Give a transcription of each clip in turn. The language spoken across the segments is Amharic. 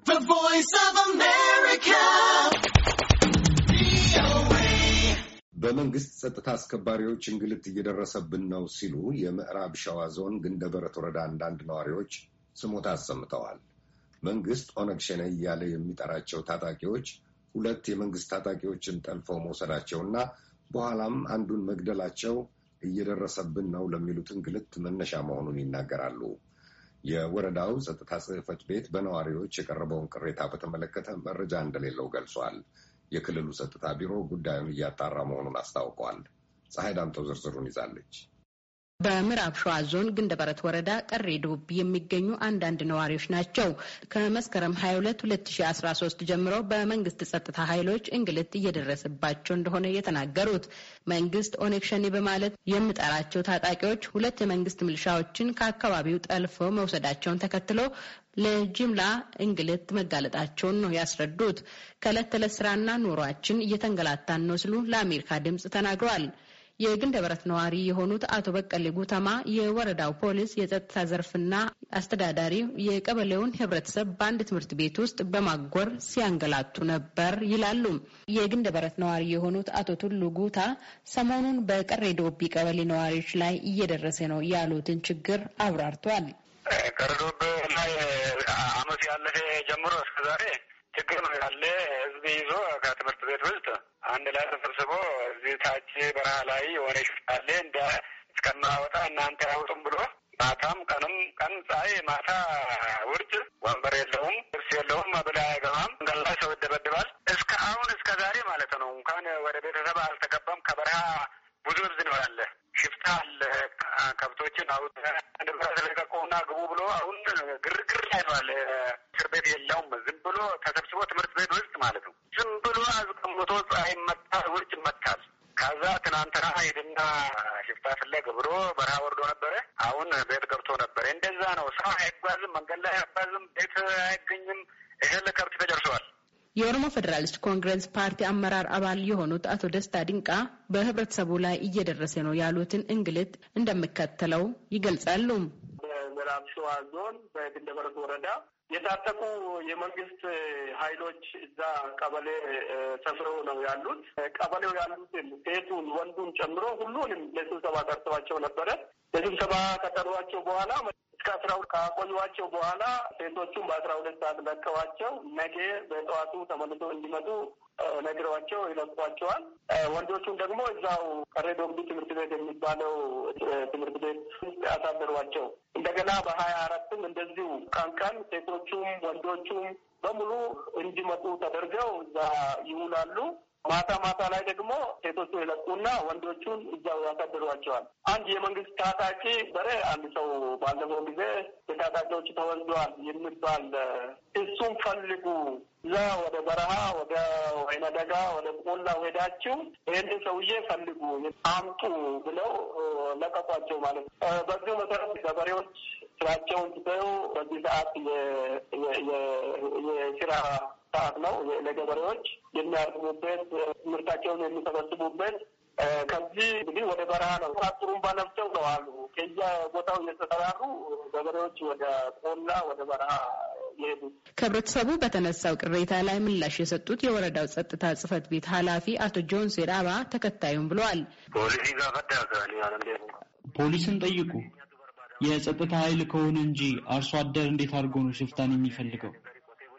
The Voice of America. በመንግስት ጸጥታ አስከባሪዎች እንግልት እየደረሰብን ነው ሲሉ የምዕራብ ሸዋ ዞን ግንደበረት ወረዳ አንዳንድ ነዋሪዎች ስሞታ አሰምተዋል። መንግስት ኦነግ ሸኔ እያለ የሚጠራቸው ታጣቂዎች ሁለት የመንግስት ታጣቂዎችን ጠልፈው መውሰዳቸውና በኋላም አንዱን መግደላቸው እየደረሰብን ነው ለሚሉት እንግልት መነሻ መሆኑን ይናገራሉ። የወረዳው ጸጥታ ጽህፈት ቤት በነዋሪዎች የቀረበውን ቅሬታ በተመለከተ መረጃ እንደሌለው ገልጿል። የክልሉ ጸጥታ ቢሮ ጉዳዩን እያጣራ መሆኑን አስታውቋል። ፀሐይ ዳምጠው ዝርዝሩን ይዛለች። በምዕራብ ሸዋ ዞን ግንደበረት ወረዳ ቀሬ ዱብ የሚገኙ አንዳንድ ነዋሪዎች ናቸው። ከመስከረም 22 2013 ጀምሮ በመንግስት ጸጥታ ኃይሎች እንግልት እየደረሰባቸው እንደሆነ የተናገሩት መንግስት ኦነግ ሸኔ በማለት የምጠራቸው ታጣቂዎች ሁለት የመንግስት ምልሻዎችን ከአካባቢው ጠልፎ መውሰዳቸውን ተከትሎ ለጅምላ እንግልት መጋለጣቸውን ነው ያስረዱት። ከእለት ተዕለት ስራና ኑሯችን እየተንገላታን ነው ሲሉ ለአሜሪካ ድምጽ ተናግረዋል። የግንደበረት ነዋሪ የሆኑት አቶ በቀሌ ጉተማ የወረዳው ፖሊስ የጸጥታ ዘርፍና አስተዳዳሪ የቀበሌውን ህብረተሰብ በአንድ ትምህርት ቤት ውስጥ በማጎር ሲያንገላቱ ነበር ይላሉ። የግንደበረት ነዋሪ የሆኑት አቶ ቱሉ ጉታ ሰሞኑን በቀሬ ዶቢ ቀበሌ ነዋሪዎች ላይ እየደረሰ ነው ያሉትን ችግር አብራርቷል። ቀሬ ዶቢ ላይ አመት ያለፈ ጀምሮ እስከዛሬ ችግር ነው ያለ ህዝብ ይዞ ከትምህርት ቤት ውስጥ አንድ ላይ ተሰብስቦ እዚህ ታች በረሃ ላይ የሆነ ሽፍታለ እንደ እስከናወጣ እናንተ ያውጡም ብሎ ማታም ቀንም ቀን ፀሐይ ማታ ውርጭ ወንበር የለውም፣ ልብስ የለውም፣ መብላ አይገባም። መንገድ ላይ ሰው ይደበድባል። እስከ አሁን እስከ ዛሬ ማለት ነው እንኳን ወደ ቤተሰብ አልተገባም። ከበረሃ ብዙ ህዝብ ነው ያለ ሽፍታ አለ። ከብቶችን አሁን ንብረት ለቀቁና ግቡ ብሎ አሁን ግርግር ላይ ነው ቤት የለውም። ዝም ብሎ ተሰብስቦ ትምህርት ቤት ውስጥ ማለት ነው። ዝም ብሎ አዝቀምቶ ፀሐይ መታል፣ ውርጭ መታል። ከዛ ትናንትና ሂድና ሽፍታ ፍለግ ብሎ በረሃ ወርዶ ነበረ። አሁን ቤት ገብቶ ነበረ። እንደዛ ነው። ሰው አይጓዝም፣ መንገድ ላይ አይጓዝም፣ ቤት አይገኝም። እህል ከብት ተጨርሰዋል። የኦሮሞ ፌዴራሊስት ኮንግረስ ፓርቲ አመራር አባል የሆኑት አቶ ደስታ ድንቃ በህብረተሰቡ ላይ እየደረሰ ነው ያሉትን እንግልት እንደሚከተለው ይገልጻሉ። ምዕራብ ሸዋ ዞን በግንደበረት ወረዳ የታጠቁ የመንግስት ኃይሎች እዛ ቀበሌ ሰፍረው ነው ያሉት። ቀበሌው ያሉትን ሴቱን፣ ወንዱን ጨምሮ ሁሉንም ለስብሰባ ጠርተዋቸው ነበረ። ለስብሰባ ከጠሯቸው በኋላ እስከ አስራ ሁለት ካቆዩዋቸው በኋላ ሴቶቹን በአስራ ሁለት ሰዓት ለቀዋቸው ነገ በጠዋቱ ተመልሶ እንዲመጡ ነግረዋቸው ይለቋቸዋል። ወንዶቹን ደግሞ እዛው ቀሬ ዶግዱ ትምህርት ቤት የሚባለው ትምህርት ቤት ያሳደሯቸው። ገና በሀያ አራትም እንደዚሁ ቀን ቀን ሴቶቹም ወንዶቹም በሙሉ እንዲመጡ ተደርገው እዛ ይውላሉ። ማታ ማታ ላይ ደግሞ ሴቶቹ የለቁና ወንዶቹን እዛው ያሳድሯቸዋል። አንድ የመንግስት ታጣቂ በሬ አንድ ሰው ባለፈው ጊዜ የታጣቂዎች ተወልዷል የሚባል እሱም ፈልጉ እዛ ወደ በረሃ ወደ ወይነ ደጋ ወደ ቆላ ሄዳችሁ ይህን ሰውዬ ፈልጉ አምጡ ብለው ለቀቋቸው ማለት ነው። በዚሁ መሰረት ገበሬዎች ስራቸውን ትተው በዚህ ሰዓት የስራ ሰዓት ነው ለገበሬዎች የሚያርጉበት ምርታቸውን የሚሰበስቡበት። ከዚህ እንግዲህ ወደ በረሃ ነው ቱሩምባ ነፍተው ነው አሉ። ከዚያ ቦታው እየተጠራሩ ገበሬዎች ወደ ቆላ ወደ በረሃ ከህብረተሰቡ በተነሳው ቅሬታ ላይ ምላሽ የሰጡት የወረዳው ጸጥታ ጽህፈት ቤት ኃላፊ አቶ ጆን ሴራባ ተከታዩም ብለዋል። ጋር ፖሊስን ጠይቁ የጸጥታ ኃይል ከሆነ እንጂ አርሶ አደር እንዴት አድርጎ ነው ሽፍታን የሚፈልገው?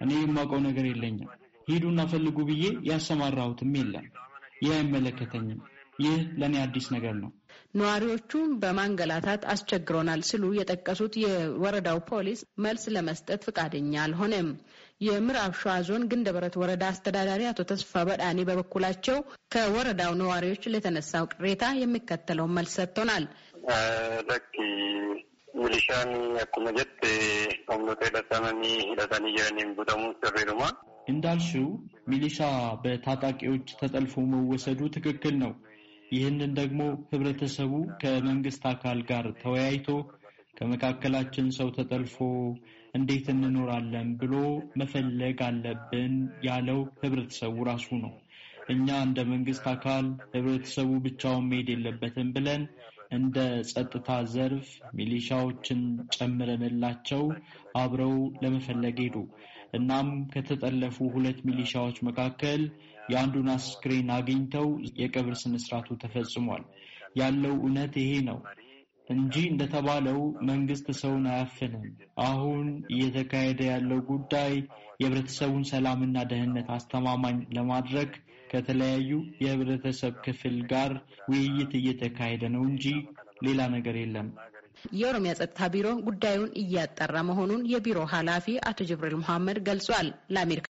እኔ የማውቀው ነገር የለኝም። ሂዱና ፈልጉ ብዬ ያሰማራሁትም የለም። ይህ አይመለከተኝም። ይህ ለእኔ አዲስ ነገር ነው። ነዋሪዎቹ በማንገላታት አስቸግሮናል ሲሉ የጠቀሱት የወረዳው ፖሊስ መልስ ለመስጠት ፍቃደኛ አልሆነም። የምዕራብ ሸዋ ዞን ግንደበረት ወረዳ አስተዳዳሪ አቶ ተስፋ በዳኔ በበኩላቸው ከወረዳው ነዋሪዎች ለተነሳው ቅሬታ የሚከተለውን መልስ ሰጥቶናል። milishaan akkuma jette humnoota hidhatamanii hidhatanii jiraniin guutamuun sirriidhuma. እንዳልሽው ሚሊሻ በታጣቂዎች ተጠልፎ መወሰዱ ትክክል ነው። ይህንን ደግሞ ህብረተሰቡ ከመንግስት አካል ጋር ተወያይቶ ከመካከላችን ሰው ተጠልፎ እንዴት እንኖራለን ብሎ መፈለግ አለብን ያለው ህብረተሰቡ ራሱ ነው። እኛ እንደ መንግስት አካል ህብረተሰቡ ብቻውን መሄድ የለበትም ብለን እንደ ጸጥታ ዘርፍ ሚሊሻዎችን ጨምረንላቸው አብረው ለመፈለግ ሄዱ። እናም ከተጠለፉ ሁለት ሚሊሻዎች መካከል የአንዱን አስክሬን አግኝተው የቀብር ስነስርዓቱ ተፈጽሟል። ያለው እውነት ይሄ ነው እንጂ እንደተባለው መንግስት ሰውን አያፍንም። አሁን እየተካሄደ ያለው ጉዳይ የህብረተሰቡን ሰላምና ደህንነት አስተማማኝ ለማድረግ ከተለያዩ የህብረተሰብ ክፍል ጋር ውይይት እየተካሄደ ነው እንጂ ሌላ ነገር የለም። የኦሮሚያ ጸጥታ ቢሮ ጉዳዩን እያጠራ መሆኑን የቢሮ ኃላፊ አቶ ጅብሪል መሐመድ ገልጿል። ለአሜሪካ